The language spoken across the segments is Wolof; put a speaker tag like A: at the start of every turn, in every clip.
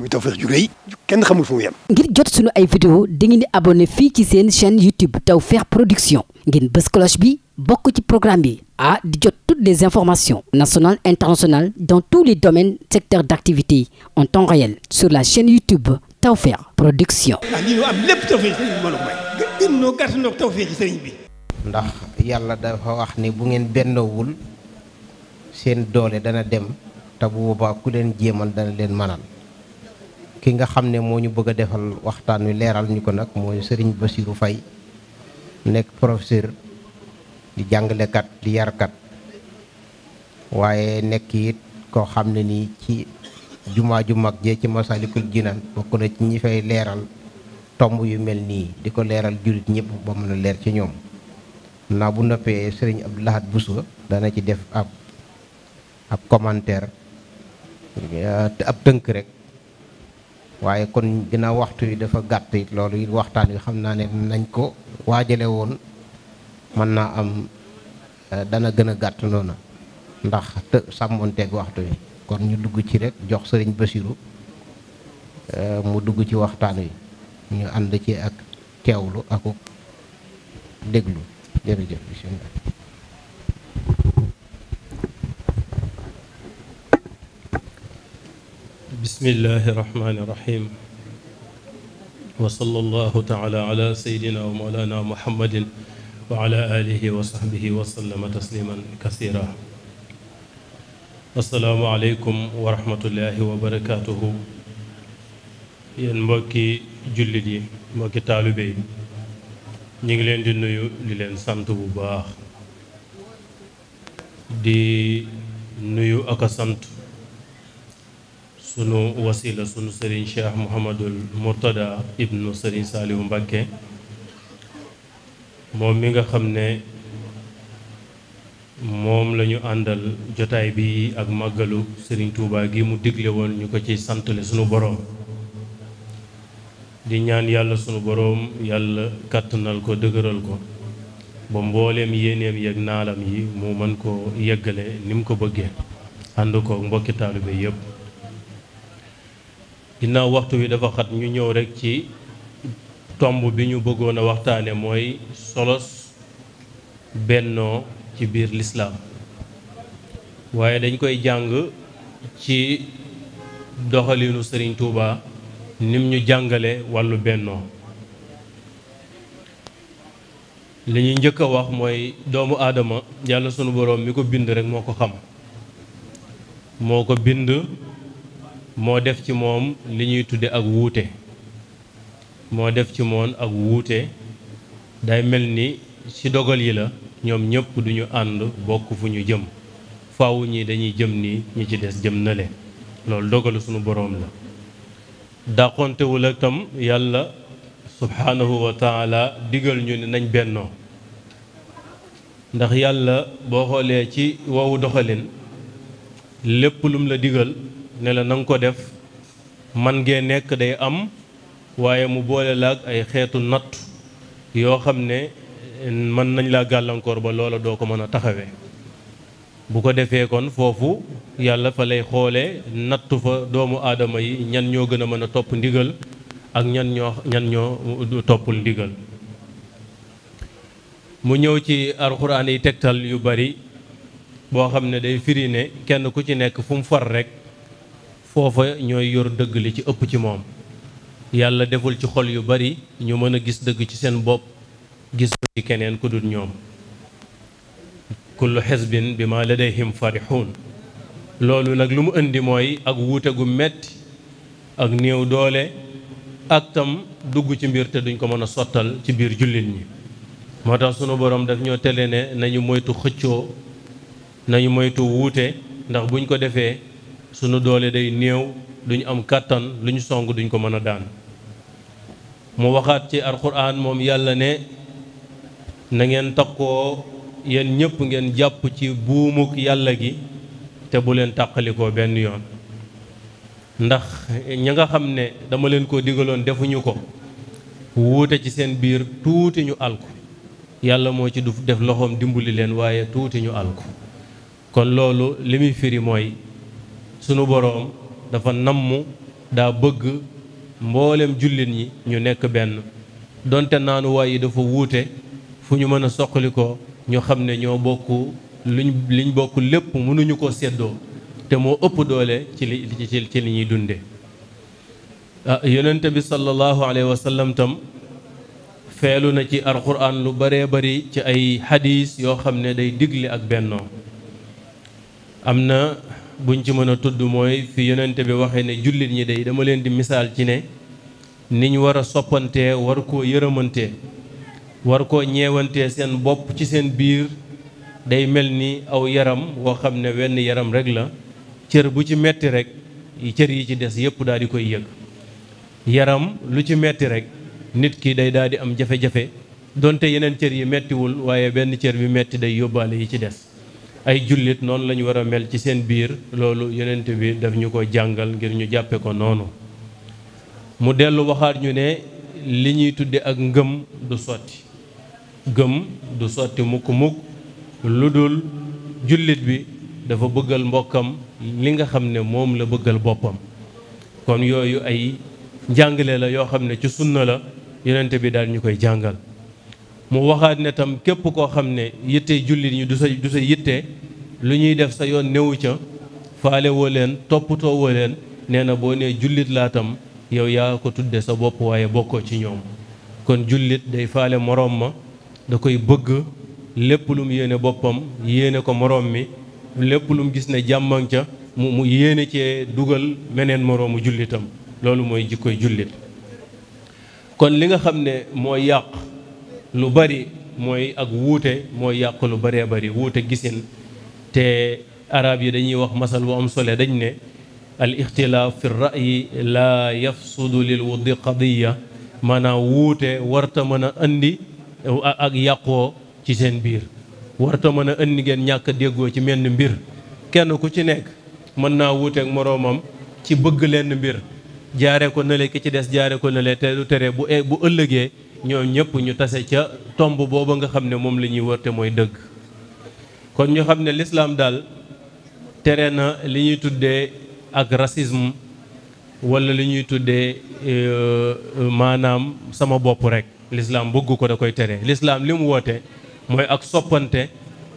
A: muy Tawfekh ju rëy kenn xamul fu mu yem. ngir jot sunu ay vidéo dangeen di abonné fii ci seen chaîne YouTube Tawfekh Production ngeen bës cloche bi bokk ci programme bi ah di jot toutes des informations nationales internationales dans tous les domaines secteurs d'activité en temps réel sur la chaîne YouTube Tawfekh Production. ah lii am lépp Tawfekh sëriñ bi mbooloo ndax yàlla dafa wax ni bu ngeen bennoowul seen doole dana dem te bu ku leen jéemal dana leen mënal. ki nga xam ne moo ñu bëgg a defal waxtaan wi leeral ñu ko nag mooy Serigne Bassirou fay nekk professeur di jàngalekat di yarkat waaye nekk it koo xam ne nii ci jumaa ju mag jee ci Masalikul Jinaan bokk na ci ñi fay leeral tomb yu mel nii di ko leeral jullit ñëpp ba mën a leer ci ñoom naa bu noppee Serigne Abdou Lahad Bousso dana ci def ab ab euh, te ab tënk rek waaye kon ginnaaw waxtu wi dafa gàtt it loolu it waxtaan wi xam naa ne nañ ko waajale woon mën naa am eh, dana gën a gàtt noonu ndax të sàmmonteeg waxtu wi kon ñu dugg ci rek jox sëriñ Basiru eh, mu dugg ci waxtaan wi ñu ànd ci ak teewlu ak déglu jërëjëf bisimilah
B: bismillahi rahmaani rahim wa sallallahu taala ala sayidina wa mawlana muhammadin wa ala alihi wa sahbihi wa sallama tasliman kasira assalaamu aleykum wa rahmatullahi wa barakatuhu yéen mbokki jullit yi mbokki taalibe yi ñu ngi leen di nuyu di leen sant bu baax di nuyu ak a sant sunu wasila sunu sëriñ cheikh mouhamadul mourtada ibnu sëriñ saalihu mbàkke moom mi nga xam ne moom lañu àndal jotaay bi ak màggalu sëriñ tuubaa gi mu digle woon ñu ko ci santale sunu boroom di ñaan yàlla sunu boroom yàlla kàttanal ko dëgëral ko ba mbooleem yéeneem yeeg naalam yi mu mën ko yeggale ni mu ko bëggee ànd ko mbokki taalibe yépp ginnaaw waxtu wi dafa xat ñu ñëw rekk ci tomb bi ñu bëggoon a waxtaane mooy solos bennoo ci biir lislaam waaye dañ koy jàng ci doxalinu Sëriñ Tuuba nim ñu jàngale wàllu bennoo li ñuy njëkk a wax mooy doomu aadama yàlla sunu boroom mi ko bind rek moo ko xam moo ko bind moo def ci moom li ñuy tudde ak wuute moo def ci moom ak wuute day mel ni ci dogal yi la ñoom ñëpp duñu ànd bokk fu ñu jëm faaw ñi dañuy jëm ni ñu ci des jëm na le loolu dogalu sunu boroom la dàqontewul ak tam yàlla subhaanahu wa taala digal ñu ne nañ bennoo ndax yàlla boo xoolee ci wowu doxalin lépp lum la digal ne la na nga ko def man ngee nekk day am waaye mu boole laag ay xeetu natt yoo xam ne mën nañ laa gàllankoor ba loola doo ko mën a taxawe bu ko defee kon foofu yàlla fa lay xoolee nattu fa doomu aadama yi ñan ñoo gën a mën a topp ndigal ak ñan ñoo ñan toppul ndigal mu ñëw ci alxuraan yi tegtal yu bari boo xam ne day firine kenn ku ci nekk fu mu far rek foofa ñooy yor dëgg li ci ëpp ci moom yàlla deful ci xol yu bari ñu mën a gis dëgg ci seen bopp gis ko ci keneen ku dul ñoom kullu xisbin bi ma ladayhim farixuun loolu nag lu mu indi mooy ak wuute gu metti ak néew doole ak tam dugg ci mbir te duñ ko mën a sottal ci biir jullit ñi moo tax sunu borom daf ñoo tele ne nañu moytu xëccoo nañu moytu wuute ndax buñ ko defee sunu doolee day néew duñu am kàttan lu ñu song duñ ko mën a daan mu waxaat ci alxuraan moom yàlla ne na ngeen takkoo yéen ñépp ngeen jàpp ci buumuk yàlla gi te bu leen tàqalikoo benn yoon ndax ñi nga xam ne dama leen ko digaloon defuñu ko wuute ci seen biir tuuti ñu alku yàlla moo ci du def loxoom dimbali leen waaye tuuti ñu alku kon loolu li muy firi mooy sunu boroom dafa namm daa bëgg mboolem jullit ñi ñu nekk benn donte naanuwaay yi dafa wuute fu ñu mën a soqali ko ñu xam ne ñoo bokk luñ liñ bokk lépp mënuñu ko seddoo te moo ëpp doole ci li ci li ñuy dunde ah, yonente bi sallallahu alayhi wa sallam tam feelu na ci alquran lu bare bari ci ay xadiis yoo xam ne day digle ak bennoo am na buñ ci mën a tudd mooy fi yonente bi waxee ne jullit ñi day dama leen di misaal ci ne niñ war a soppantee war koo yërëmantee war koo ñeewantee seen bopp ci seen biir day mel ni aw yaram woo xam ne wenn yaram rek la cër bu ci metti rek cër yi ci des yépp daal di koy yëg yaram lu ci metti rek nit ki day daal di am jafe-jafe donte yeneen cër yi mettiwul waaye benn cër bi metti day yóbbaale yi ci des ay jullit noonu lañu war a mel ci seen biir loolu yonent bi daf ñu ko jàngal ngir ñu jàppe ko noonu mu dellu waxaat ñu ne li ñuy tudde ak ngëm du sotti gëm du sotti mukk-mukk lu dul jullit bi dafa bëggal mbokkam li nga xam ne moom la bëggal boppam kon yooyu ay njàngale la yoo xam ne ci sunna la yonent bi daal ñu koy jàngal mu waxaat ne tam képp koo xam ne yitte jullit ñi du sa du sa yitte lu ñuy def sa yoon newu ca faale leen toppatoo woo leen nee na boo nee jullit laa tam yow yaa ko tudde sa bopp waaye bokkoo ci ñoom kon jullit day faale moroom ma da koy bëgg lépp lu yéene boppam yéene ko moroom mi lépp lu gis ne jàmman ca mu mu yéene cee dugal meneen moroomu jullitam loolu mooy jikkoy jullit kon li nga xam ne moo yàq lu bari mooy ak wuute mooy yàq lu baree bari wuute gisin te arab yi dañuy wax masal bu am sole dañ ne al ixtilaaf fi ra'yi laa yafsudu lil wuddi qadiya maanaam wuute warta mën a andi ak yàqoo ci seen biir warta mën a andi ngeen ñàkk déggoo ci menn mbir kenn ku ci nekk mën naa wuuteek moroomam ci bëgg lenn mbir jaare ko nële ki ci des jaare ko nële te du tere bu e-, bu ëllëgee ñoo ñëpp ñu tase ca tomb booba nga xam ne moom la ñuy wërte mooy dëgg kon ñu xam ne lislaam daal tere na li ñuy tuddee ak racisme wala li ñuy tuddee euh, maanaam sama bopp rek lislaam bëgg ko da koy tere lislaam li mu woote mooy ak soppante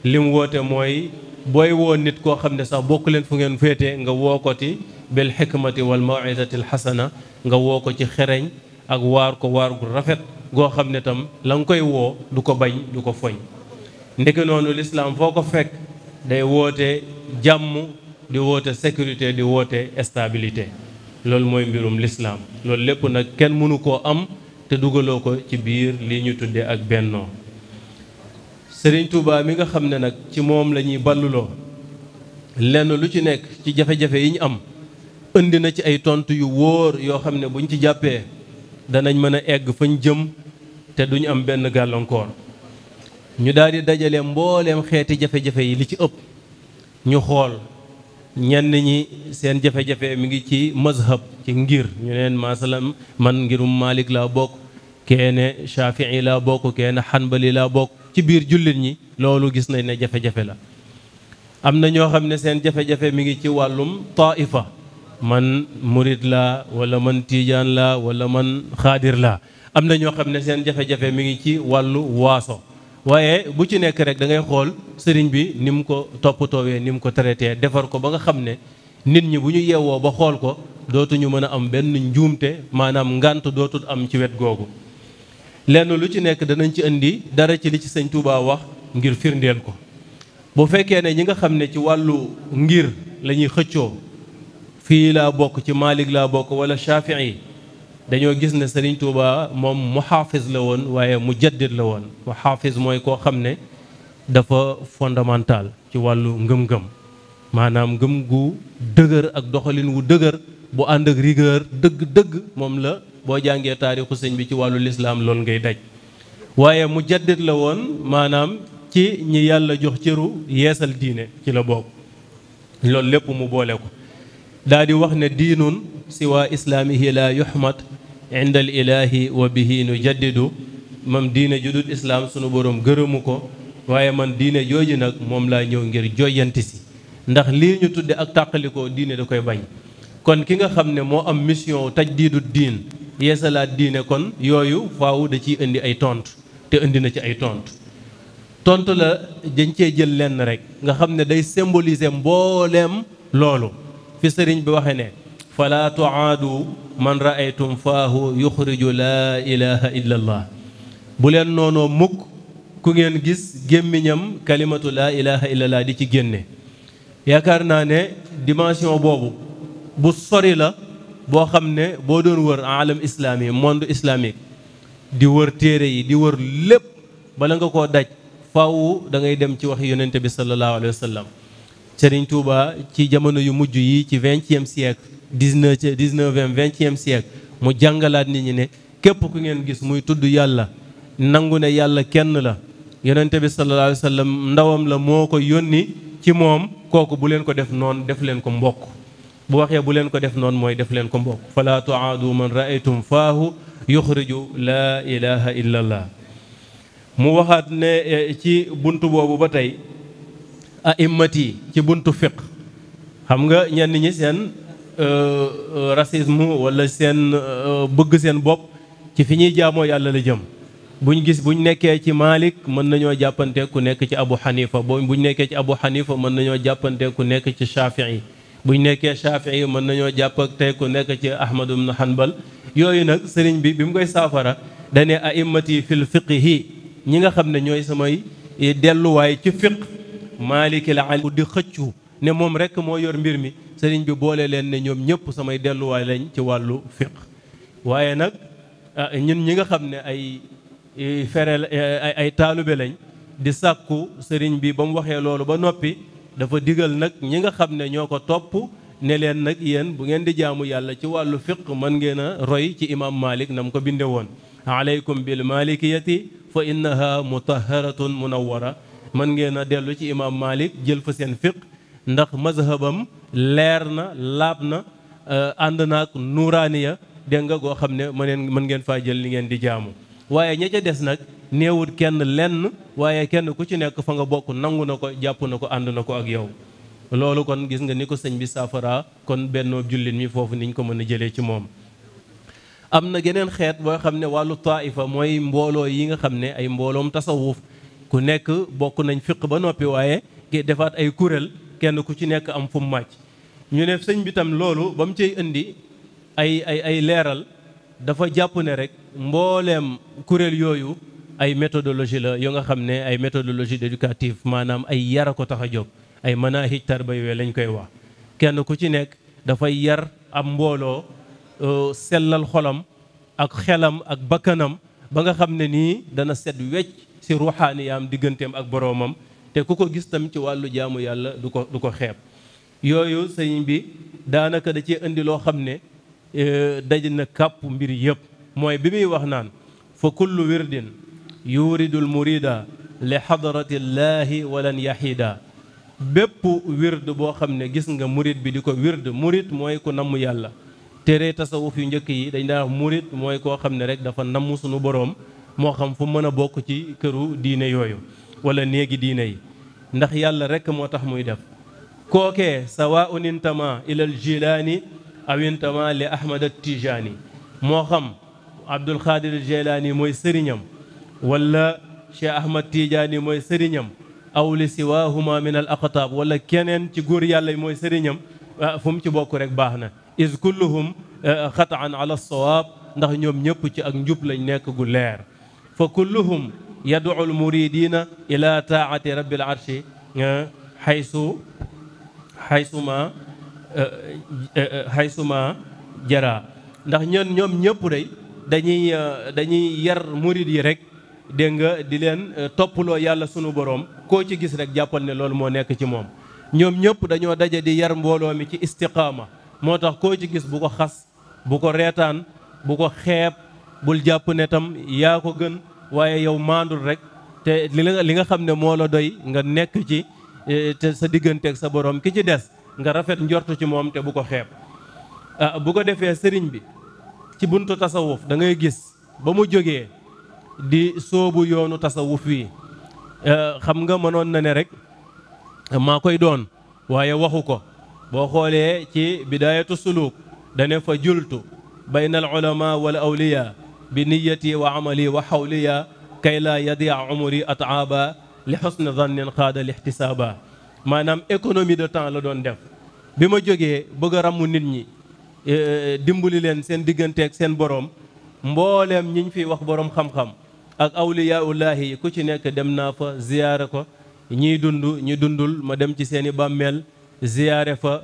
B: li mu woote mooy booy woon nit koo xam ne sax bokk leen fu ngeen féete nga woo ko ci bil xikmati wal mawidati al xasana nga woo ko ci xereñ ak waar ko waar gu rafet goo xam ne tam la koy woo du ko bañ du ko foñ ndeke noonu lislaam foo ko fekk day woote jàmm di woote sécurité di woote stabilité loolu mooy mbirum lislaam loolu lépp nag kenn mënu koo am te dugaloo ko ci biir li ñu tuddee ak bennoo Sëriñ Tuubaa bi nga xam ne nag ci moom la ñuy balluloo lenn lu ci nekk ci jafe-jafe yi ñu am indi na ci ay tontu yu wóor yoo xam ne buñ ci jàppee danañ mën a egg fañ jëm te duñu am benn gàllankoor ñu daal dajale mbooleem xeeti jafe-jafe yi li ci ëpp ñu xool ñenn ñi seen jafe-jafe mi ngi ci mazhab ci ngir ñu neen masalam man ngirum Malik laa bokk keene Shafii laa bokk keene Hanbali laa bokk ci biir jullit ñi loolu gis nañ ne jafe-jafe la am na ñoo xam ne seen jafe-jafe mi ngi ci wàllum taifa man murit la wala man tiijaan la wala man xaadir la am na ñoo xam ne seen jafe-jafe mi ngi ci wàllu waaso waaye bu ci nekk rek dangay xool sëriñ bi ni mu ko toppatoowee ni mu ko traité defar ko ba nga xam ne nit ñi bu ñu yeewoo ba xool ko dootuñu mën a am benn njuumte maanaam ngànt dootul am ci wet googu lenn lu ci nekk danañ ci indi dara ci li ci sëñ Touba wax ngir firndeel ko bu fekkee ne ñi nga xam ne ci wàllu ngir lañuy xëccoo fii laa bokk ci Malik laa bokk wala Shafii dañoo gis ne Serigne Touba moom muhaafis la woon waaye mu mujaddid la woon muhaafis mooy koo xam ne dafa fondamental ci wàllu ngëm-ngëm maanaam ngëm gu dëgër ak doxalin wu dëgër bu ànd ak rigueur dëgg-dëgg moom la boo jàngee taarixu sëñ bi ci wàllu lislaam loolu ngay daj waaye mu mujaddid la woon maanaam ci ñi yàlla jox cëru yeesal diine ci la bokk loolu lépp mu boole ko daal di wax ne diinun siwaa islaamihi la yuhmat inda al ilaahi wa bihi nu jaddidu moom diine ju islaam sunu boroom gërëmu ko waaye man diine jooju nag moom laa ñëw ngir joyanti si ndax lii ñu tudde ak tàqalikoo diine da koy bañ kon ki nga xam ne moo am mission taj diidu diin yeesalaat diine kon yooyu faaw da ciy indi ay tontu te indi na ci ay tontu tontu la dañ cee jël lenn rek nga xam ne day symboliser mbooleem loolu fi bi waxee ne falaa tuaadu man raaytum faahu yuxriju laa ilaha illa allah bu leen noonoo mukk ku ngeen gis gémmiñam kalimatu laa ilaha illa allah di ci génne yaakaar naa ne dimension boobu bu sori la boo xam ne boo doon wër alam islami monde islamique di wër téere yi di wër lépp bala nga ko daj faw da ngay dem ci waxi yonente bi sallallahu alayhi wa Serigne Touba ci jamono yu mujj yi ci vingtième siècle dix-neuf dix-neuvième vingtième siècle mu jàngalaat ni ñi ne képp ku ngeen gis muy tudd yàlla nangu ne yàlla kenn la yonente bi sallallahu alayhi ndawam la moo ko yónni ci moom kooku bu leen ko def noon def leen ko mbokk bu waxee bu leen ko def noon mooy def leen ko mbokk fala tuaadu man raaytum faahu yuxriju laa ilaha illa allah mu waxaat ne eh, ci bunt boobu ba tey aimati ci buntu fiq xam nga ñenn ñi seen euh, euh, racisme wala seen euh, bëgg seen bopp ci fi ñuy jaamoo yàlla la jëm buñ gis buñ nekkee ci Malik mën nañoo jàppante nekk ci Abu Hanifa buñ nekkee ci Abu Hanifa mën nañoo jàppante nekk ci Shafii buñ nekkee Shafii mën nañoo jàppante ku nekk ci Ahmad ibn Hanbal yooyu nag sëriñ bi bi mu koy saafara dane aimati fil fiqhi ñi nga xam ne ñooy samay eh, delluwaay ci fiq maalikil ali di xëccu ne moom rek moo yor mbir mi sëriñ bi boole leen ne ñoom ñëpp samay delluwaay lañ ci wàllu fiq waaye nag ah, ñun ñi nga xam ne ay eh, ferel eh, ay taalube lañ di sàkku sëriñ bi ba mu waxee loolu ba noppi dafa digal nag ñi nga xam ne ñoo ko topp ne leen nag yéen bu ngeen di jaamu yàlla ci wàllu fiq mën ngeen a roy ci imam malik na mu ko bindee woon aleykum bil malikiyati fa innaha mutaharatun munawwara mën ngeen a dellu ci imaam Malik jël fa seen fiq ndax mazhabam leer na laab na euh, ànd na naag nuuraaniya dégg nga goo xam ne mën ngeen faa jël li ngeen di jaamu waaye ña des nag néewul kenn lenn waaye kenn ku ci nekk fa nga bokk nangu na ko jàpp na ko ànd na ko ak yow loolu kon gis nga ni ko sëñ bi saafara kon bennoo jullit mi foofu niñ ko mën a jëlee ci moom am na geneen xeet boo xam ne wàllu taaifa mooy mbooloo yi nga xam ne ay mbooloom tasawuf ku nekk bokk nañ fiq ba noppi waaye ki defaat ay kuréel kenn ku ci nekk am fu mu màcc ñu ne sëñ bitam loolu ba mu cay indi ay ay ay leeral dafa jàpp ne rek mbooleem kuréel yooyu ay méthodologie la yoo nga xam ne ay méthodologie éducative maanaam ay yar a ko tax a jóg ay manahij tarbawiya lañ koy wax kenn ku ci nekk dafay yar ab mbooloo euh, sellal xolam ak xelam ak bakkanam ba nga xam ne nii dana set wecc si ruuxaaniyaam digganteem ak boroomam te ku ko gis tam ci wàllu jaamu yàlla du ko du ko xeeb yooyu sëñ bi daanaka da cee indi loo xam ne e, daj na kàpp mbir yëpp mooy bi muy wax naan fa kullu wirdin yuridul murida li xadaratillahi walan yahida bépp wird boo xam ne gis nga murid bi di ko wird murid mooy ku namm yàlla tere tasawuf yu njëkk yi dañ daan wax murid mooy koo xam ne rek dafa namm sunu boroom moo xam fu mën a bokk ci këru diina yooyu wala néegi diine yi ndax yàlla rekk moo tax muy def kookee sawaun intama ilal jilaani aw intama li ahmad at moo xam abdul xaadir jilaani mooy sëriñam wala cheikh ahmad tijaani mooy sëriñam aw li siwahuma min al aqtaab wala keneen ci góor yàlla yi mooy sëriñam ah, fu mu ci bokk rek baax na is kulluhum eh, xataan ala sawaab ndax ñoom ñëpp ci ak njub lañ nekk gu leer fa kulluhum yad'u al-muridina ila taa'ati rabbil arshi haysu haysuma eh, eh, eh, haysuma jara ndax ñoom ñoom ñëpp day dañuy dañuy yar murid yi rek dégg nga di leen toppaloo yàlla sunu boroom koo ci gis rek jàppal ne loolu moo nekk ci moom ñoom ñëpp dañoo daje di yar mbooloo mi ci istiqaama moo tax koo ci gis bu ko xas bu ko reetaan bu ko xeeb bul jàpp ne tam yaa ko gën waaye yow maandul rek te li li nga xam ne moo la doy nga nekk ci e, te sa digganteeg sa borom ki ci des nga rafet njortu ci moom te bu ko xeeb ah bu ko defee sëriñ bi ci buntu tasawuf da ngay gis ba mu jógee di sóobu yoonu tasawuf wi e, xam nga mënoon na ne rek maa koy doon waaye waxu ko boo xoolee ci bidaayatu suluk dane fa jultu bayna al ulama wal awliya bi niyyati wa amali wa xawliya kay laa yadia umri ataaba li xusne zannin xaada lixtisaaba maanaam économie de temps la doon def bi ma jógee bëgg a ràmmu nit ñi eh, dimbali leen seen ak seen borom mbooleem ñi fiy wax borom xam-xam ak awliyaullaahi yi ku ci nekk dem naa fa ziyaare ko ñiy dund ñi dundul ma dem ci seen i bàmmeel ziyaare fa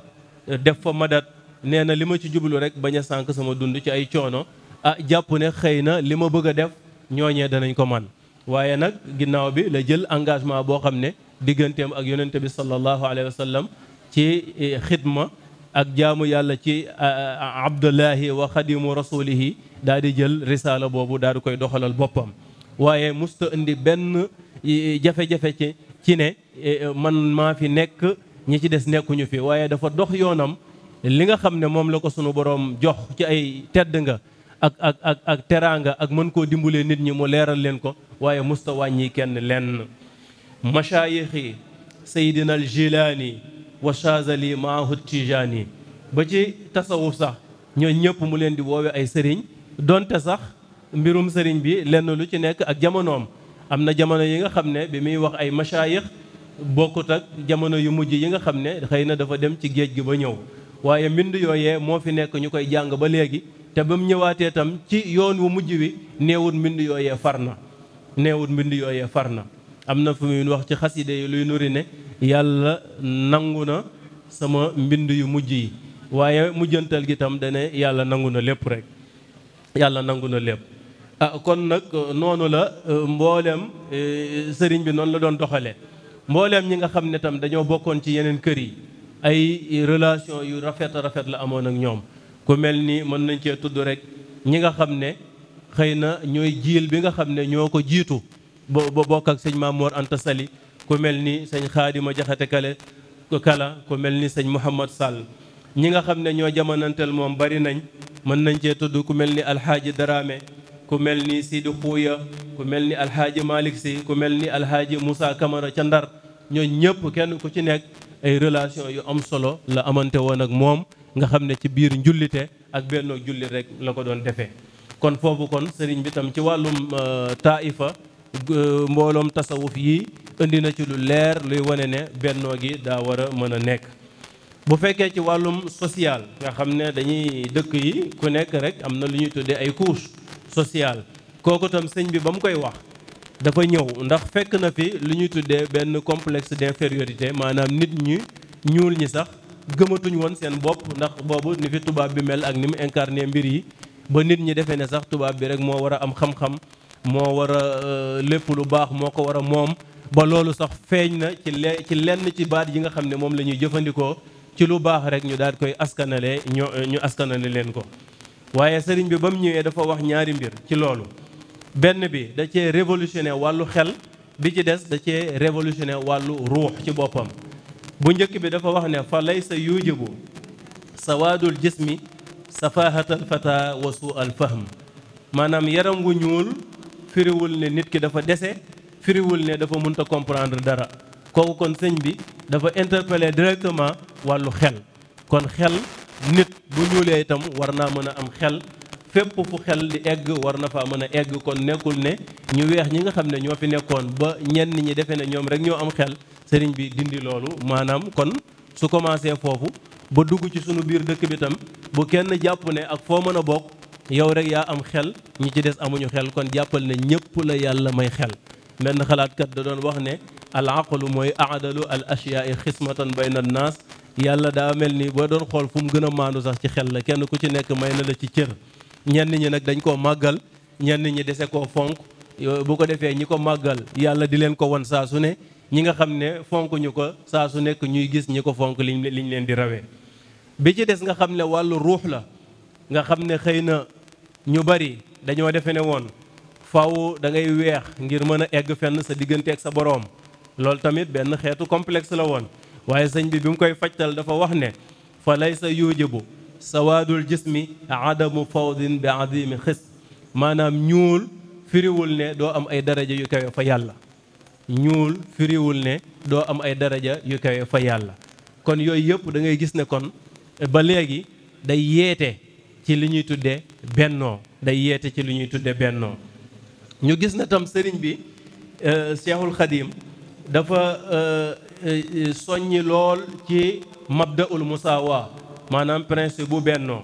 B: def fa madat nee na li ma ci jublu rek bañ a sànq sama dund ci ay coono ah jàpp ne xëy na li ma bëgg a def ñooñee danañ ko man waaye nag ginnaaw bi la jël engagement boo xam ne digganteem ak yonente bi sallallahu alayhi wa sallam ci eh, xidma ak jaamu yàlla ci ah, ah, abdullahi wa xadimu rasulihi daal di jël risaala boobu daal di koy doxalal boppam waaye musta indi benn eh, jafe-jafe ci ci ne eh, man maa fi nekk ñi ci des nekkuñu fi waaye dafa dox yoonam li nga xam ne moom la ko sunu boroom jox ci ay tedd nga ak ak ak ak teraanga ak mën koo dimbalee nit ñi mu leeral leen ko waaye musta wàññi kenn lenn mashaayix yi seydina al jilaani wa shazali maahu tijaani ba ci tasawuf sax ñoo ñëpp mu leen di woowe ay sëriñ donte sax mbirum sëriñ bi lenn lu ci nekk ak jamonoom am na jamono yi nga xam ne bi muy wax ay mashaayix bokkut ak jamono yu mujj yi nga xam ne xëy na dafa dem ci géej gi ba ñëw waaye mbind yooyee moo fi nekk ñu koy jàng ba léegi te ba mu ñëwaatee tam ci yoon wu mujj wi neewut mbind yooyee far na neewut mbind yooyee far na am na fu muy wax ci xas yi de luy nuri ne yàlla nangu na sama mbind yu mujj yi waaye mujjantal gi tam dane yàlla nangu na lépp rek yàlla nangu na lépp a ah, kon nag euh, noonu la euh, mbooleem euh, sëriñ bi noonu la doon doxale mbooleem ñi nga xam ne tam dañoo bokkoon ci yeneen kër yi ay relation yu rafet rafet la amoon ak ñoom ku mel ni mën nañ cee tudd rek ñi nga xam ne xëy na ñooy jiil bi nga xam ne ñoo ko jiitu ba bokk ak sëñ Mamoor Anta Sali ku mel ni sëñ Xaadima Jaxate Kale Kala ku mel ni sëñ Mouhamad Sall ñi nga xam ne ñoo jamonanteel moom bari nañ mën nañ cee tudd ku mel ni Alxaaji Daraame ku mel ni Sidi Xuuya ku mel ni Alxaaji Malick Si ku mel ni Alxaaji Moussa Camara ca Ndar ñooñ ñëpp kenn ku ci nekk ay relation yu am solo la amante woon ak moom nga xam ne ci biir njullite ak bennoo jullit rek la ko doon defee kon foofu kon sëriñ bi tam ci wàllum euh, taaifa euh, mbooloom tasawuf yi indi na ci lu leer luy wane ne bennoo gi daa war a mën a nekk bu fekkee ci wàllum social nga xam ne dañuy dëkk yi ku nekk rek am na lu ñuy tuddee ay couche sociale kooku tam sëñ bi ba mu koy wax dafa ñëw ndax fekk na fi lu ñuy tuddee benn complexe d'infériorité maanaam nit ñi ñuul ñi sax gëmatuñ woon seen bopp ndax boobu ni fi tubaab bi mel ak ni mu incarné mbir yi ba nit ñi defee ne sax tubaab bi rek moo war a am xam-xam moo war a euh, lépp lu baax moo ko war a moom ba loolu sax feeñ na ci le ci lenn ci baat yi nga xam ne moom la ñuy jëfandikoo ci lu baax rek ñu daal koy askanale ñu euh, ñu askanale leen ko waaye sëriñ bi ba mu ñëwee dafa wax ñaari mbir ci loolu benn bi da cee révolutionné wàllu xel bi ci des da cee révolutionné wàllu ruux ci boppam bu njëkk bi dafa wax ne fa laysa yujibu sawaadul jismi safaahatal fata wa suu al fahm maanaam yaram wu ñuul firiwul ne nit ki dafa dese firiwul ne dafa mënta comprendre dara kooku kon sëñ bi dafa interpeller directement wàllu xel kon xel nit bu ñuulee itam war naa mën a am xel fépp fu xel di egg war na faa mën a egg kon nekkul ne ñu weex ñi nga xam ne ñoo fi nekkoon ba ñenn ñi defe na ñoom rek ñoo am xel sëriñ bi dindi loolu maanaam kon su commencé foofu ba dugg ci sunu biir dëkk bi tam bu kenn jàpp ne ak foo mën a bokk yow rek yaa am xel ñi ci des amuñu xel kon jàppal ne ñépp la yàlla may xel mel benn xalaatkat da doon wax ne al aqlu mooy aadalu al ashyaai xismatan bayn an naas yàlla daa mel ni boo doon xool fu mu gën a maandu sax ci xel la kenn ku ci nekk may na la ci cër ñenn ñi nag dañ koo màggal ñenn ñi dese koo fonk bu ko defee ñi ko màggal yàlla di leen ko won saa su ñi nga xam ne fonk ñu ko saa su nekk ñuy gis ñi ko fonk liñ liñ leen di rawee bi ci des nga xam ne wàllu ruux la nga xam ne xëy na ñu bari dañoo defe ne woon faw da ngay weex ngir mën a egg fenn sa diggante ak sa boroom loolu tamit benn xeetu complexe la woon waaye sëñ bi bi mu koy fajtal dafa wax ne fa sa yujibu sawaadul jismi adamu fawdin bi adimi xis maanaam ñuul firiwul ne doo am ay daraja yu kawe fa yàlla ñuul firiwul ne doo am ay daraja yu kawe fa yàlla kon yooyu yëpp da ngay gis ne kon ba léegi day yeete ci li ñuy tudde bennoo day yeete ci li ñuy tudde bennoo ñu gis na tam sëriñ bi euh, Seexul Xadiim dafa euh, euh, soññi lool ci mabdaul musaawa maanaam principe bu bennoo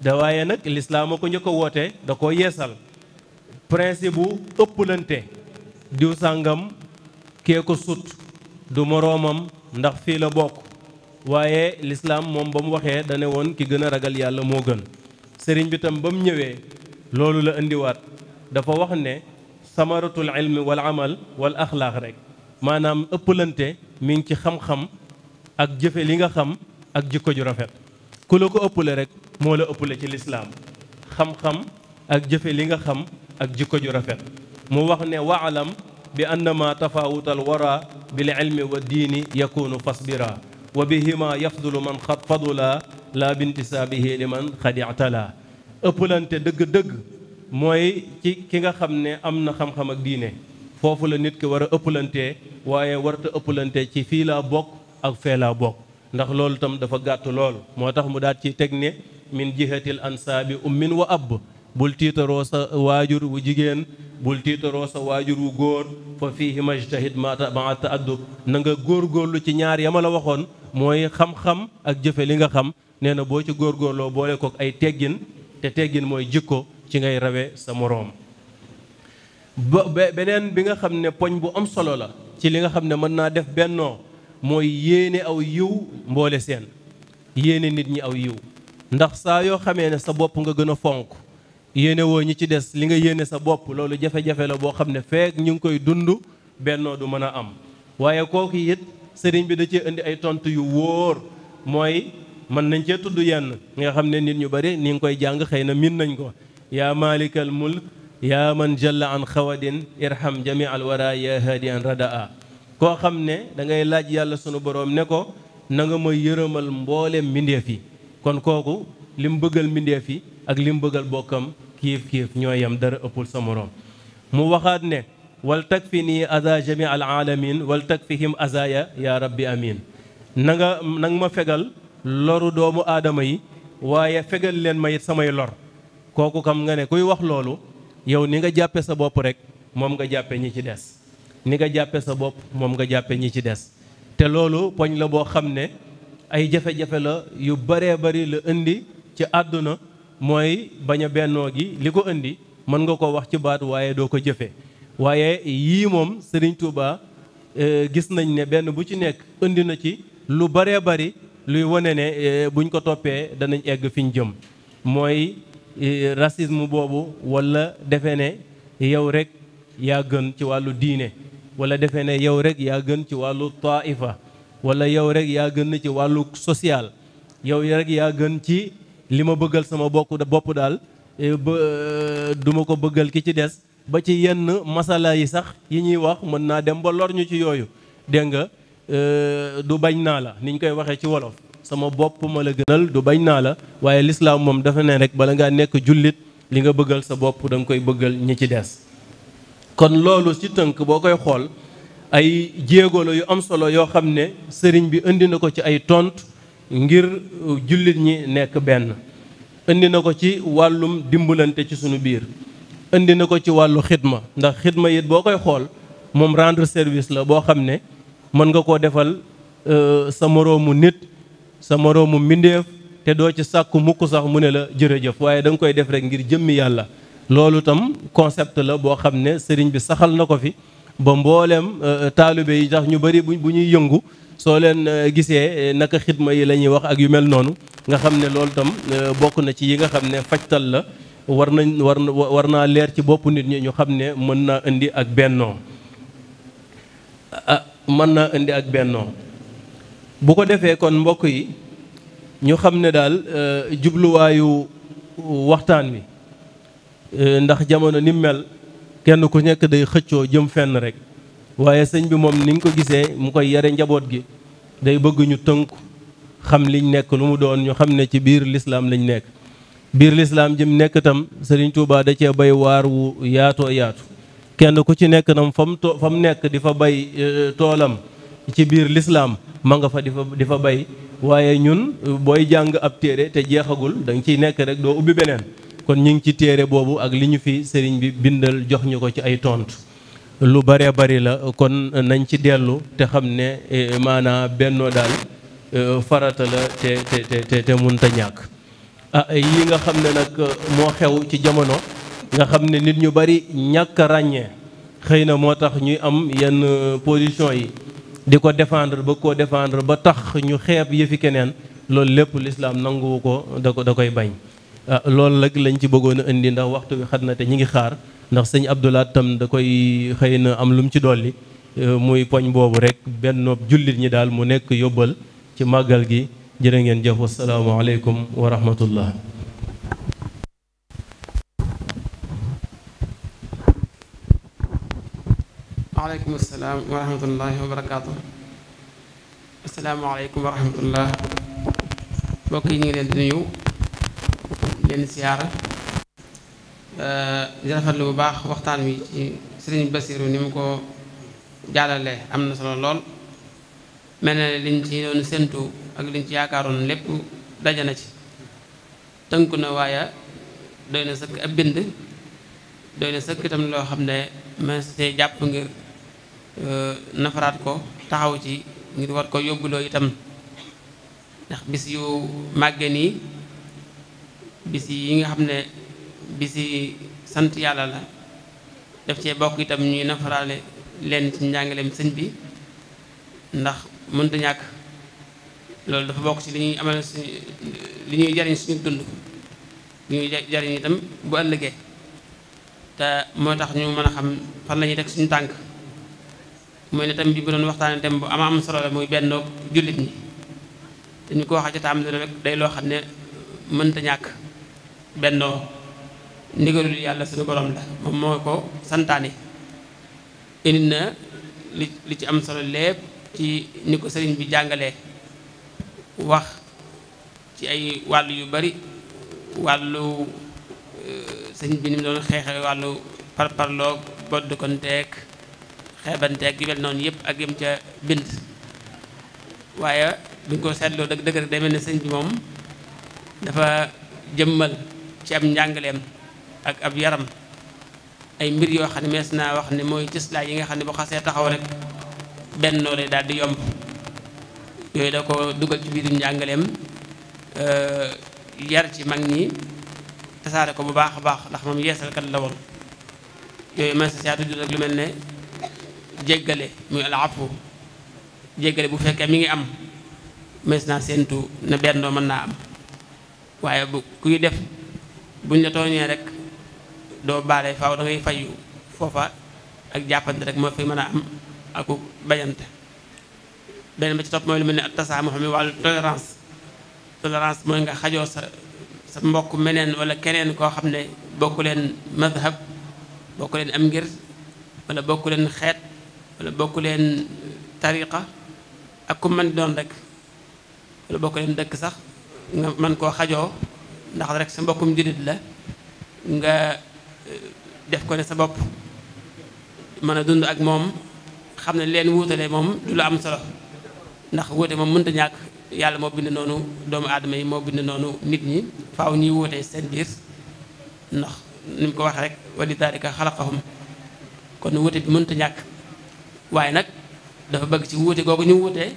B: da waaye nag lislaam a ko ñu ko woote da ko yeesal principe bu ëpplante diw sàngam kee ko sut du moroomam ndax fii la bokk waaye lislaam moom ba mu waxee dana woon ki gën a ragal yàlla moo gën sëriñ bi tam ba mu ñëwee loolu la indiwaat dafa wax ne samaratul ilmi wal amal wal axlaaq rek maanaam ëpplante mi ngi ci xam-xam ak jëfe li nga xam ak jikko ju rafet ku la ko ëppale rek moo la ëppale ci lislaam xam-xam ak jëfe li nga xam ak jikko ju rafet mu wax ne waalam bi annama tafawuta alwara bil ilmi wa diini yakunu fasbira wa bihima yafdulu man xat fadula la bintisaabihi liman xaditala ëppalante dëgg-dëgg mooy ci ki nga xam ne am na xam-xam ak diine foofu la nit ki war a ëppalante waaye warta ëpplante ci fii laa bokk ak fee laa bokk ndax loolu tam dafa gàtt lool moo tax mu daat ci teg ne min jihatil ansaabi ummin wa ab bul tiitaroo sa waajur wu jigéen bul tiitaroo sa waajur wu góor fa fiihima ijtahid mata maa ta'addub na nga góor góorlu ci ñaar yama la waxoon mooy xam-xam ak jëfe li nga xam nee na boo ci góor góorloo boole kook ay teggin te teggin mooy jikko ci ngay rawe sa moroom beneen bi nga xam ne poñ bu am solo la ci li nga xam ne mën naa def bennoo mooy yéene aw yiw mboole seen yéene nit ñi aw yiw ndax saa yoo xamee ne sa bopp nga gën a fonk yéene woo ñi ci des li nga yéene sa bopp loolu jafe-jafe la boo xam ne feek ñu ngi koy dund bennoo du mën a am waaye kooku it sëriñ bi da cee indi ay tontu yu wóor mooy mën nañ cee tudd yenn nga xam ne nit ñu bari ni ngi koy jàng xëy na min nañ ko yaa malikal mulk yaa man jalla an xawadin irham jami al wara ya haadi radaa koo xam ne da ngay laaj yàlla sunu boroom ne ko nanga nga ma yërëmal mbooleem mbindeef yi kon kooku li bëggal mbindeef yi ak li mu bëggal bokkam kiif kiif ñoo yem dara ëppul sa moroom mu waxaat ne wal takfi nii aza jami al alamin wal takfihim azaya yaa rabbi amin na nga nang ma fegal loru doomu aadama yi waaye fegal leen ma it samay lor kooku xam nga ne kuy wax loolu yow ni nga jàppe sa bopp rek moom nga jàppe ñi ci des ni nga jàppe sa bopp moom nga jàppe ñi ci des te loolu poñ la boo xam ne ay jafe-jafe la yu baree bari la indi ci àdduna mooy bañ bennoo gi li ko indi mën nga ko wax ci baat waaye doo ko jëfe waaye yii moom Serigne Touba eh, gis nañ ne benn bu ci nekk indi na ci lu baree bari luy wane ne eh, buñ ko toppee danañ egg fi ñu jëm mooy eh, racisme boobu wala defe ne yow rek yaa gën ci wàllu diine wala defe ne yow rek yaa gën ci wàllu taifa wala yow rek yaa gën ci wàllu social yow rek yaa gën ci li ma bëggal sama bokk bopp daal e du ma ko bëggal ki ci des ba ci yenn masala yi sax yi ñuy wax mën naa dem ba lor ñu ci yooyu dégg nga e, du bañ naa la niñ koy waxee ci wolof sama bopp ma la gënal du bañ naa la waaye lislaam moom dafa ne rek bala ngaa nekk jullit li nga bëggal sa bopp da nga koy bëggal ñi ci des kon loolu ci tënk boo koy xool ay jéego yu am solo yoo xam ne sëriñ bi indi na ko ci ay tontu ngir uh, jullit ñi nekk benn indi na ko ci wàllum dimbulante ci sunu biir indi na ko ci wàllu xidma ndax xidma it boo koy xool moom rendre service la boo xam ne mën nga koo defal uh, sa moroomu nit sa moroomu mbindeef te doo ci sàkku mukk sax mu ne la jërëjëf waaye da nga koy def rek ngir jëmmi yàlla loolu tam concept la boo xam ne sëriñ bi saxal na ko fi ba mbooleem uh, taalibe yi tax ñu bari bu ñuy yëngu soo leen euh, gisee euh, naka xidma yi la ñuy wax ak yu mel noonu nga xam ne loolu tam euh, bokk na ci yi nga xam ne fajtal la war nañ war naa leer ci bopp nit ñi ñu xam ne mën naa indi ak bennoo ah, mën naa indi ak bennoo bu ko defee kon mbokk yi ñu xam ne daal jubluwaayu waxtaan wi ndax jamono ni mel kenn ku nekk day xëccoo jëm fenn rek waaye sëñ bi moom ni nga ko gisee mu koy yare njaboot gi day bëgg ñu tënku xam liñ nekk lu mu doon ñu xam ne ci biir lislaam lañu nekk biir lislaam jëm nekk tam sëriñ tuubaa da cee bay waar wu yaatoo yaatu kenn ku ci nekk nam fam fa mu nekk di fa bay e, toolam ci biir lislaam ma nga fa di fa di fa bay waaye ñun e, booy jàng ab téere te jeexagul danga ciy nekk rek doo ubbi beneen kon ñu ngi ci téere boobu ak li ñu fi sëriñ bi bindal jox ñu ko ci ay tontu. lu bëree bari la kon nañ ci dellu te xam ne eh, maanaa bennoo daal eh, farata la te te te te munta ñàkk ah yi nga xam ne nag eh, moo xew ci jamono nga xam ne nit ñu bari ñàkk ràññee xëy na moo tax ñuy am yenn position yi di ko défendre ba koo défendre ba tax ñu xeeb fi keneen loolu lépp lislaam nanguwu ko da ko da koy bañ ah, loolu nag lañ ci bëggoon a indi ndax waxtu bi xat na te ñi ngi xaar ndax sëñ Abdoulaat tam da koy xëy na am lu mu ci dolli eh, muy poñ boobu rek benn jullit ñi daal mu nekk yóbbal ci màggal gi jërë ngeen jëf wa rahmatullah
C: waaleykum salaam wa rahmatullahi wa barakaatu yi ñu ngi leen di nuyu leen siyaara Euh, di rafetlu bu baax waxtaan wi ci sëriñ Basiru ni mu ko jàllale am na solo lool mel na liñ ci doon séntu ak liñ ci yaakaaroon lépp daje na ci tënku na waaye doy na sëkk ab bind doy na sëkk itam loo xam ne mën see jàpp ngir euh, nafaraat ko taxaw ci ngir war ko yóbbuloo itam ndax bis yu màgge nii bis yi nga xam ne bi bisi sant yàlla la daf cee bokk itam ñuy nafaraale leen ci njàngaleem sëñ bi ndax mënta ñàkk loolu dafa bokk ci li ñuy amal suñu li ñuy jariñ suñu dund li ñuy jariñ itam bu ëllëgee te moo tax ñu mën a xam fan la ñuy teg suñu tànk mooy ne tam bi bu doon waxtaane tam bu ama am solo muy bennoog jullit ñi dañu ko waxa ca taam rek day loo xam ne mënta ñàkk bennoo ndigalul yàlla suñu borom la moom moo ko santaane indi na li li ci am solo lépp ci ni ko sëriñ bi jàngalee wax ci ay wàll yu bari wàllu euh, sëñ bi ni mu doon xeexee wàllu parparloo boddukonteeg xeebanteeg yu mel noonu yëpp ak yëm ca bind waaye bi ñu ko seetloo dëgg dëgg rek day sëñ bi moom dafa jëmmal ci am njàngaleem ak ab yaram ay mbir yoo xam ne mees naa wax ne mooy cëslaay yi nga xam ne bu xasee taxaw rek benn lay daal di yomb yooyu da ko dugal ci biirum njàngaleem eh, yar ci mag ñi tasaare ko bu baax a baax ndax moom yeesalkat la woon yooyu man sa siyaatu rek mel ne jéggale muy al bu fekkee mi ngi am mees naa séentu ne benn doo mën naa am waaye bu kuy def buñ la tooñee rek doo baale faaw da ngay fayu foofa ak jàppante rek moo fi mën a am aku bañante beneen ba ci topp mooy lu mel ne ak tasaa xam ne wàllu tolérance tolérance mooy nga xajoo sa sa mbokk meneen wala keneen koo xam ne bokk leen madhab bokku leen am ngir wala bokk leen xeet wala bokku leen tariqa ak ku mën doon rek wala bokku leen dëkk sax nga mën koo xajoo ndax rek sa mbokkum jullit la nga def ko ne sa bopp mën a dund ak moom xam ne leen wuutale moom du la am solo ndax wuute moom mënta ñàkk yàlla moo bind noonu doomu aadama yi moo bind noonu nit ñi faaw ñuy wuute seen biir ndax ni mu ko waxee rek wa li daalika xalaqahum kon wuute bi mënta ñàkk waaye nag dafa bëgg ci wuute googu ñu wuute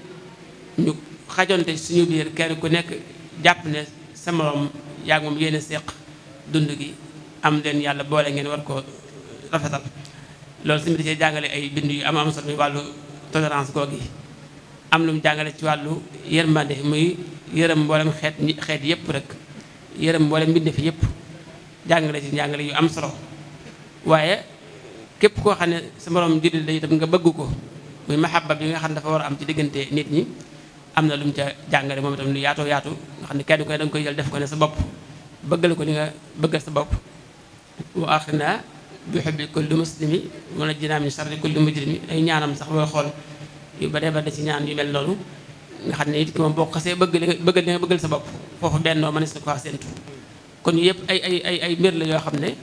C: ñu xajonte suñu biir kenn ku nekk jàpp ne sa moroom yaa moom yéen a séq dund gi am leen yàlla boole ngeen war ko rafetal loolu suñu dacee jàngale ay bind yu am am solo muy wàllu tolérance googu yi am lu mu jàngale ci wàllu yërmande muy yërëm mboolem xeet xeet yëpp rek yërëm mboolem mbindeef yëpp jàngale ci jàngale yu am solo waaye képp koo xam ne sa moroom jullit la itam nga bëgg ko muy mahabba bi nga xam ne dafa war a am ci diggante nit ñi am na lu mu ca jàngale moom itam lu yaatoo yaatu nga xam ne kenn ku ne da koy jël def ko ne sa bopp bëggal ko li nga bëggal sa bopp wa aqina bi hubbi kulli muslimi wa najjina min sharri kulli mujrimi ay ñaanam sax booy xool yu bare bare ci ñaan yu mel noonu nga xam ne it moom boo xasee bëgg li nga bëgg li bëggal sa bopp foofu bennoo mënees na ko faa séentu kon yëpp ay ay ay ay mbir la yoo xam ne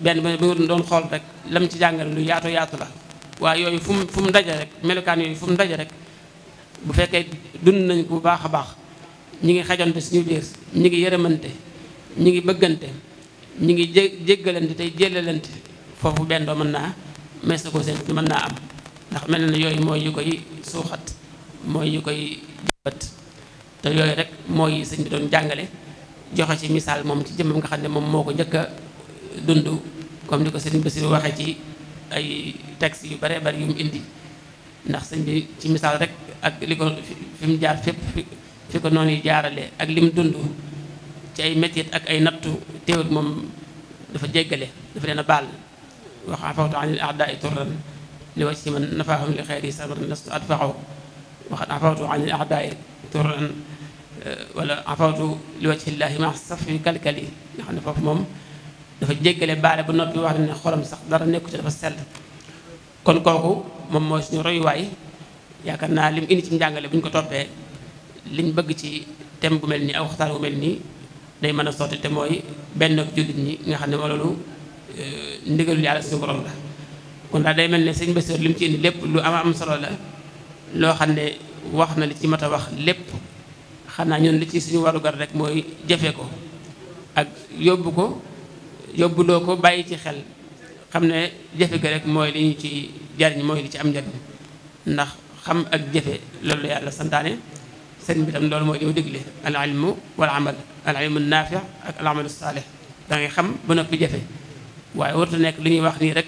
C: benn ba bu ñu doon xool rek lam ci jàngale lu yaatu yaatu la waaye yooyu fu mu fu mu daje rek melokaan yooyu fu mu daje rek bu fekkee dund nañ bu baax a baax ñi ngi xajante suñu biir ñu ngi yërëmante ñu ngi bëggante ñu ngi jé jéggalante tey jéllalante foofu benn mën naa mees na ko seen mën naa am ndax mel na yooyu mooy yu koy suuxat mooy yu koy jëmbat te yooyu rek mooy sëñ bi doon jàngale joxe ci misaal moom ci jëmmam nga xam ne moom moo ko njëkk dund comme ni ko sëñ Bassirou waxee ci ay texte yu bare bari yu mu indi ndax sëñ bi ci misaal rek ak li ko fi mu jaar fépp fi ko noonu jaarale ak li mu dund ci ay mettit ak ay nattu teewut moom dafa jéggale dafa leen a baal wax afawtu anil a'daai turran li waj si man nafaahum li xayri sabran lastu adfaxu waxat afawtu anil a'daai turran eh, li wajhillaahi ma safi kalkali moom dafa jéggale baale ba noppi wax ne xolam sax dara nekku ci dafa sell kon kooku moom mooy suñu royuwaay yaakaar naa li mu indi ci njàngale bu ñu ko toppee liñ bëgg ci thème bu mel nii ak waxtaan bu mel nii day mën a sotti te mooy benn ak jullit ñi nga xam ne moo loolu euh, ndigalul yàlla suñu borom la kon daal day mel ni sëñ Bassirou li mu ci indi lépp lu am am solo la loo xam ne wax na li ci mat a wax lépp xanaa naa ñun li ci suñu warugar rek mooy jëfe ko ak yóbbu ko yóbbuloo ko bàyyi ci xel xam ne jëfe ko rek mooy li ñu ci jariñ mooy li ci am njariñ ndax xam ak jëfe loolu yàlla santaane sëriñ bi tam loolu mooy li mu digle al ilmu wal amal al ilmu naafi ak al amalu saalih da xam ba noppi jafe waaye warut nekk lu ñuy wax nii rek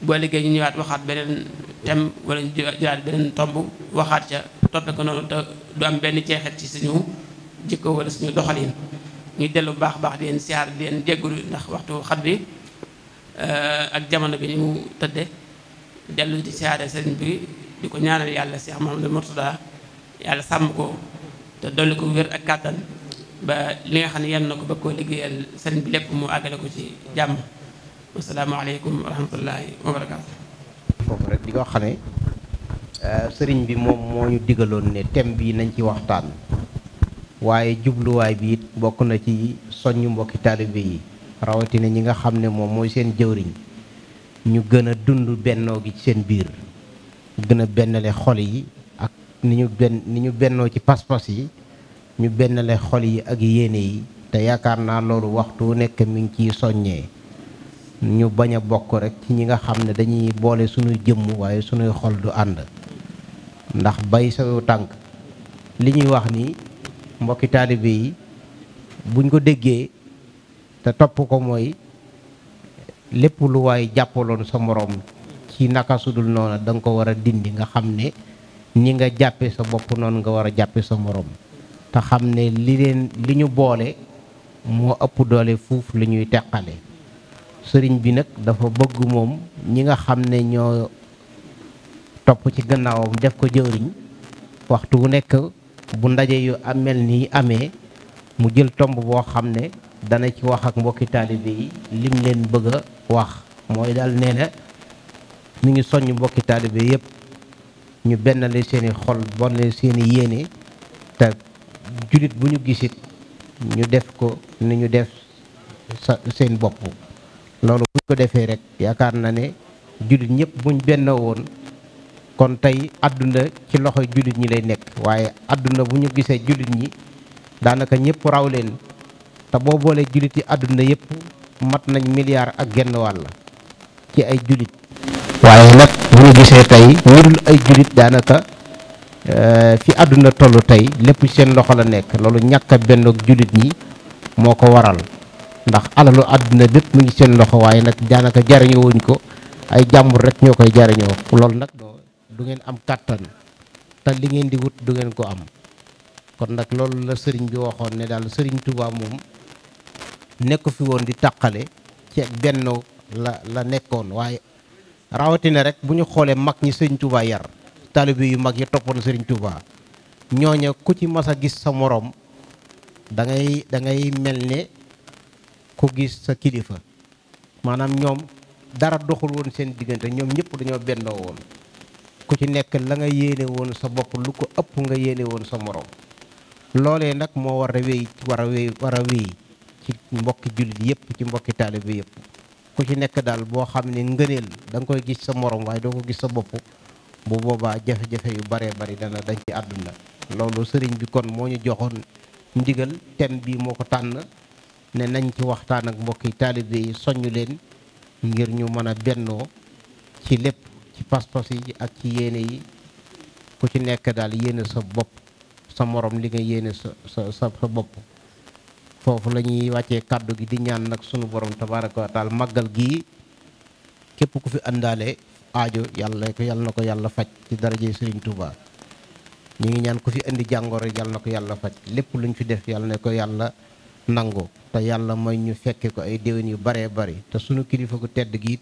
C: boo liggéey ñu ñëwaat waxaat beneen thème wala ñu jëlaat beneen tomb waxaat ca toppe ko noonu te du am benn ceexet ci suñu jikko wala suñu doxalin ñuy dellu baax baax di leen siyaar di leen jéggulu ndax waxtu xat bi euh, ak jamono bi ni mu tëdde dellu di siyaare bi di ko ñaanal yàlla Cheikh Mahamadou Mourtada yàlla sàmm ko te dolli ko wér ak kàttan ba li nga xam ne yal na ko bëgg koo liggéeyal sëriñ bi lépp mu àggale ko ci jàmm asalaamaaleykum wa rahmatullahi wa barakaatu
A: foofu rek di ko xam ne euh, sëriñ bi moom moo ñu digaloon ne thème bii nañ ci waxtaan waaye jubluwaay bi it bokk na ci soññ mbokki taalibe yi rawatina ñi nga xam ne moom mooy seen jëwriñ ñu gën a dund bennoo gi ci seen biir gën a bennale xol yi ni ñu benn ni ñu bennoo ci pas-pas yi ñu bennale xol yi ak yéene yi te yaakaar naa loolu waxtu nekk mi ngi ciy soññee ñu bañ a bokk rek ci ñi nga xam ne dañuy boole suñu jëmm waaye suñuy xol du ànd ndax bay sawu tànk li ñuy wax ni mbokki taalibe yi buñ ko déggee te topp ko mooy lépp lu waaye jàppaloon sa moroom ci naka sudul noonu da nga ko war a dindi nga xam ne ñi nga jàppe sa bopp noonu nga war a jàppe sa moroom te xam ne li leen li ñu boole moo ëpp doole fuuf li ñuy teqale sëriñ bi nag dafa bëgg moom ñi nga xam ne ñoo topp ci gannaawam def ko jëwriñ waxtu wu nekk bu ndaje yu amel nii amee mu jël tomb boo xam ne dana ci wax ak mbokki taalibe yi lim leen bëgg a wax mooy daal nee na mi ngi soññ mbokki taalibe yépp ñu bennale seen i xol bonnale seen i yéene te jullit bu ñu gisit ñu def ko ni ñu def sa seen bopp loolu buñ ko defee rek yaakaar na ne jullit ñëpp buñ benn woon kon tey àdduna ci loxo jullit ñi lay nekk waaye àdduna bu ñu gisee jullit ñi daanaka ñëpp raw leen te boo boolee jullit yi àdduna yëpp mat nañ milliard ak genn wàll ci ay jullit waaye nag bu ñu gisee tey ñu ay jullit daanaka euh, fi àdduna toll tey lépp seen loxo la nekk loolu ñàkk a benn jullit ñi moo ko waral ndax alalu àdduna bépp mu ngi seen loxo waaye nag daanaka jariñoo ko ay jàmbur rek ñoo koy jariñoo loolu nag du ngeen am kàttan te li ngeen di wut du ngeen ko am kon nag loolu la sëriñ bi waxoon ne daal sëriñ Touba moom nekk fi woon di tàqale ci benn la la nekkoon waaye rawatina rek bu ñu xoolee mag ñi sëriñ Touba yar taalibe yu mag yi toppoon sëriñ Touba ñooña ku ci mas a gis sa moroom dangay dangay mel ni ku gis sa kilifa maanaam ñoom dara doxul woon seen diggante ñoom ñëpp dañoo bennoo woon ku ci nekk la nga yéene woon sa bopp lu ko ëpp nga yéene woon sa moroom loolee nag moo war a wéy war a wéy war a wéy ci mbokki jullit yëpp ci mbokki taalibe yëpp ku ci nekk daal boo xam ne ngëneel danga koy gis sa moroom waaye doo ko gis sa bopp bu boobaa jafe-jafe yu baree bari dana dañ ci àdduna loolu sëriñ bi kon moo ñu joxoon ndigal thème bii moo ko tànn ne nañ ci waxtaan ak mbokki taalibe yi soññu leen ngir ñu mën a bennoo ci lépp ci pas-pas yi ak ci yéene yi ku ci nekk daal yéene sa bopp sa moroom li nga yéene sa sa sa bopp foofu la ñuy wàccee kàddu gi di ñaan nag sunu borom tabaaraka wa taala màggal gii képp ku fi àndaale aajo yàlla ko yàlla na ko yàlla faj ci daraje sëriñ Touba ñu ngi ñaan ku fi indi jàngoro yàlla na ko yàlla faj lépp luñ fi def yàlla na ko yàlla nangu te yàlla mooy ñu fekke ko ay déwén yu baree bari te sunu kilifa gu tedd gi it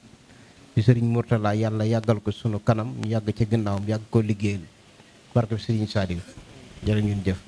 A: di Serigne yàlla yàggal ko sunu kanam ñu yàgg ca ginnaawam yàgg ko liggéeyal barke Serigne Saliou jërë ngeen jëf